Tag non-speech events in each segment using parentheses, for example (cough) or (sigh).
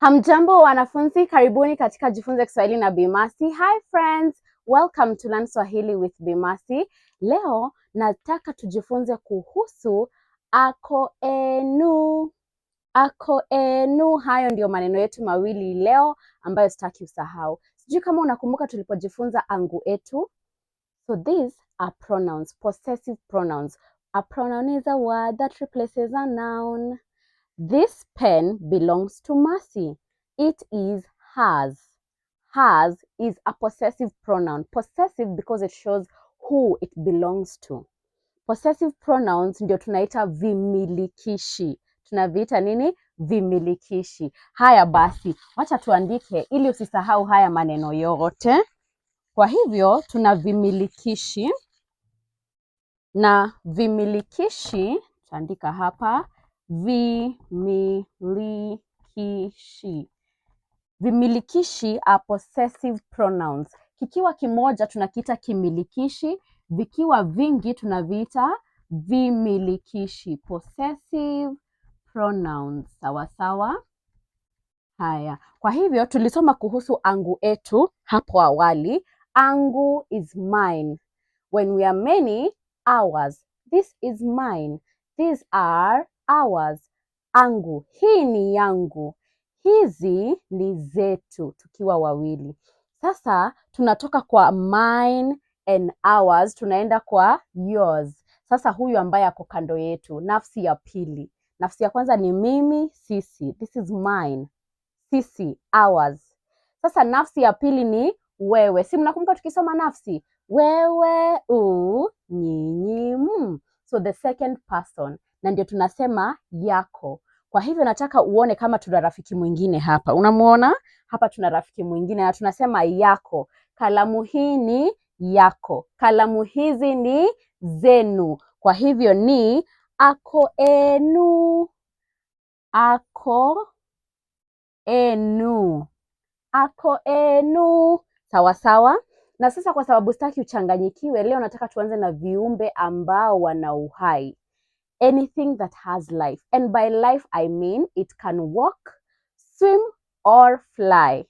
Hamjambo wanafunzi, karibuni katika Jifunze Kiswahili na Bi Mercy. Hi friends, welcome to Learn Swahili with Bi Mercy. Leo nataka tujifunze kuhusu ako enu. Ako enu, hayo ndiyo maneno yetu mawili leo ambayo sitaki usahau. Sijui kama unakumbuka tulipojifunza angu etu. So these are pronouns, possessive pronouns. A pronoun is a word that replaces a noun. This pen belongs to Mercy. It is hers. Hers is a possessive pronoun. Possessive because it shows who it belongs to. Possessive pronouns ndio tunaita vimilikishi. Tunaviita nini? Vimilikishi. Haya basi, wacha tuandike ili usisahau haya maneno yote. Kwa hivyo tuna vimilikishi na vimilikishi, tutaandika hapa Vimilikishi. Vimilikishi are possessive pronouns. Kikiwa kimoja tunakiita kimilikishi, vikiwa vingi tunaviita vimilikishi. Possessive pronouns. Sawa sawa. Haya, kwa hivyo tulisoma kuhusu angu etu hapo awali. Angu is mine. When we are many, ours. This is mine. These are ours, angu, hii ni yangu, hizi ni zetu, tukiwa wawili. Sasa tunatoka kwa mine and ours, tunaenda kwa yours. Sasa huyu ambaye ako kando yetu, nafsi ya pili. Nafsi ya kwanza ni mimi, sisi, this is mine, sisi, ours. Sasa nafsi ya pili ni wewe, si mnakumbuka tukisoma nafsi wewe, u, nyinyi, m. So the second person na ndio tunasema yako. Kwa hivyo nataka uone kama tuna rafiki mwingine hapa, unamuona hapa, tuna rafiki mwingine na tunasema yako. Kalamu hii ni yako, kalamu hizi ni zenu. Kwa hivyo ni ako enu, ako enu, ako enu, sawa sawa. Na sasa, kwa sababu sitaki uchanganyikiwe, leo nataka tuanze na viumbe ambao wana uhai anything that has life. And by life I mean it can walk, swim or fly.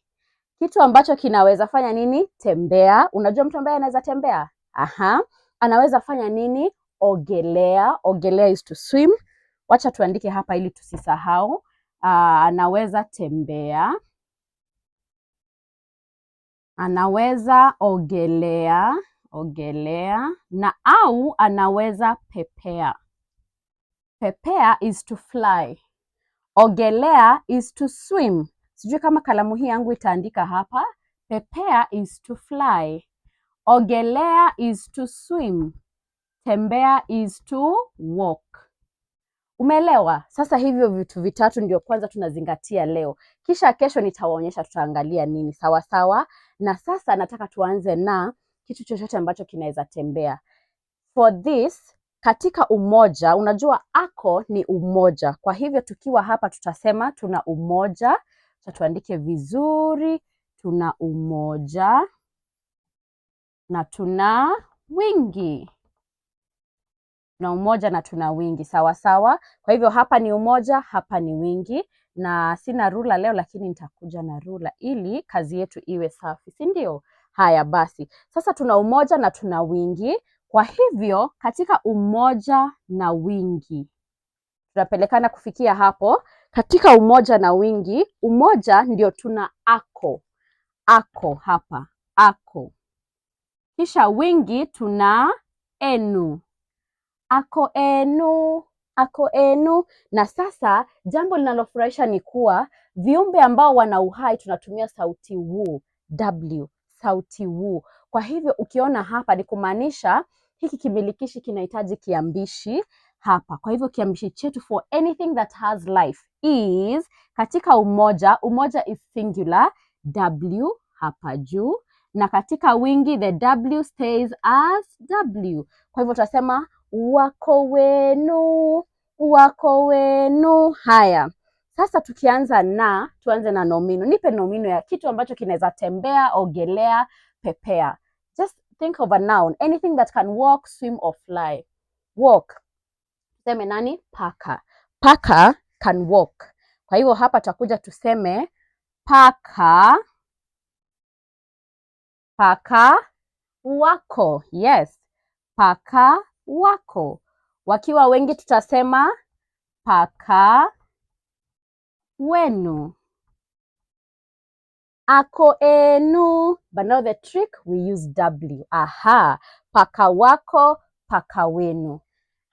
Kitu ambacho kinaweza fanya nini? Tembea. Unajua mtu ambaye anaweza tembea? Aha. Anaweza fanya nini? Ogelea. Ogelea is to swim. Wacha tuandike hapa ili tusisahau. Ah, anaweza tembea, anaweza ogelea, ogelea na au anaweza pepea. Pepea is to fly. Ogelea is to swim. Sijui kama kalamu hii yangu itaandika hapa. Pepea is to fly. Ogelea is to swim. Tembea is to walk. Umeelewa? Sasa hivyo vitu vitatu ndio kwanza tunazingatia leo, kisha kesho nitawaonyesha tutaangalia nini. Sawa sawa. Na sasa nataka tuanze na kitu chochote ambacho kinaweza tembea. For this katika umoja, unajua ako ni umoja. Kwa hivyo tukiwa hapa tutasema tuna umoja, cha tuandike vizuri, tuna umoja na tuna wingi na umoja na tuna wingi, sawa sawa. Kwa hivyo hapa ni umoja, hapa ni wingi, na sina rula leo, lakini nitakuja na rula ili kazi yetu iwe safi, si ndio? Haya basi, sasa tuna umoja na tuna wingi. Kwa hivyo katika umoja na wingi, tunapelekana kufikia hapo. Katika umoja na wingi, umoja ndio tuna ako ako hapa ako, kisha wingi tuna enu ako enu ako enu. Na sasa jambo linalofurahisha ni kuwa viumbe ambao wana uhai tunatumia sauti wu w, sauti wu. Kwa hivyo ukiona hapa ni kumaanisha hiki kimilikishi kinahitaji kiambishi hapa. Kwa hivyo kiambishi chetu for anything that has life is, katika umoja, umoja is singular, w hapa juu, na katika wingi the w stays as w. Kwa hivyo tutasema wako wenu, wako wenu. Haya, sasa tukianza na, tuanze na nomino. Nipe nomino ya kitu ambacho kinaweza tembea, ogelea pepea. Just think of a noun, anything that can walk, swim or fly. Walk, tuseme nani? Paka. Paka can walk. Kwa hivyo hapa takuja tuseme paka, paka wako. Yes, paka wako. Wakiwa wengi tutasema paka wenu ako enu. But now the trick, we use w. Aha, paka wako, paka wenu.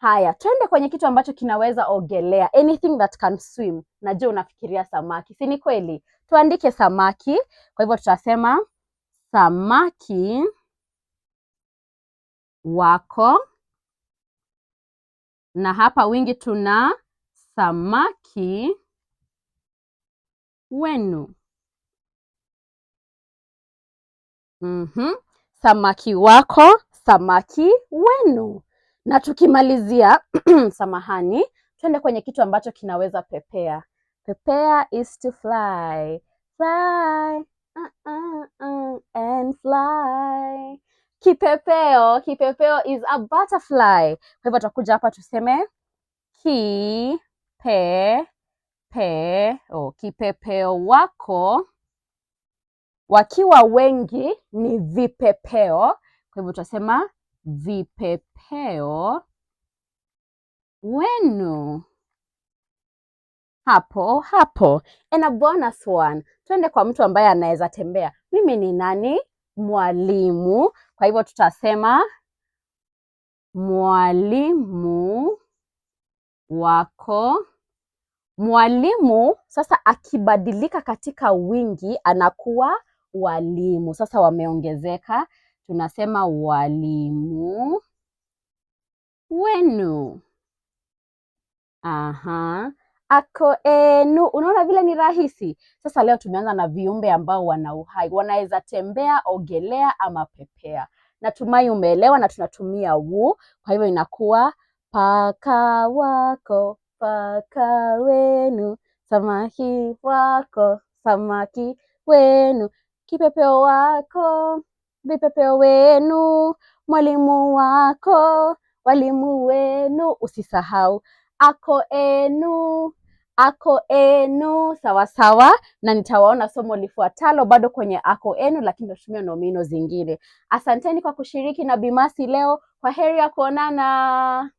Haya, twende kwenye kitu ambacho kinaweza ogelea, anything that can swim. Najua unafikiria samaki, si ni kweli? Tuandike samaki. Kwa hivyo tutasema samaki wako, na hapa wingi tuna samaki wenu. mm -hmm. Samaki wako, samaki wenu. Na tukimalizia (clears throat) samahani, twende kwenye kitu ambacho kinaweza pepea. Pepea is to fly. Fly. Uh, uh, uh, and fly. Kipepeo, kipepeo is a butterfly. Kwa hivyo tutakuja hapa tuseme ki pe pe o, kipepeo wako Wakiwa wengi ni vipepeo, kwa hivyo tutasema vipepeo wenu. Hapo hapo. And a bonus one. Tuende kwa mtu ambaye anaweza tembea. Mimi ni nani? Mwalimu. Kwa hivyo tutasema mwalimu wako. Mwalimu sasa akibadilika katika wingi anakuwa walimu. Sasa wameongezeka, tunasema walimu wenu. Aha, ako enu. Unaona vile ni rahisi. Sasa leo tumeanza na viumbe ambao wana uhai, wanaweza tembea, ogelea ama pepea. Natumai umeelewa, na tunatumia wu, kwa hivyo inakuwa paka wako, paka wenu, samaki wako, samaki wenu. Kipepeo wako, vipepeo wenu, mwalimu wako, walimu wenu. Usisahau ako enu, ako enu, sawa sawa, na nitawaona somo lifuatalo bado kwenye ako enu, lakini tutatumia nomino zingine. Asanteni kwa kushiriki na Bimasi leo. Kwa heri ya kuonana.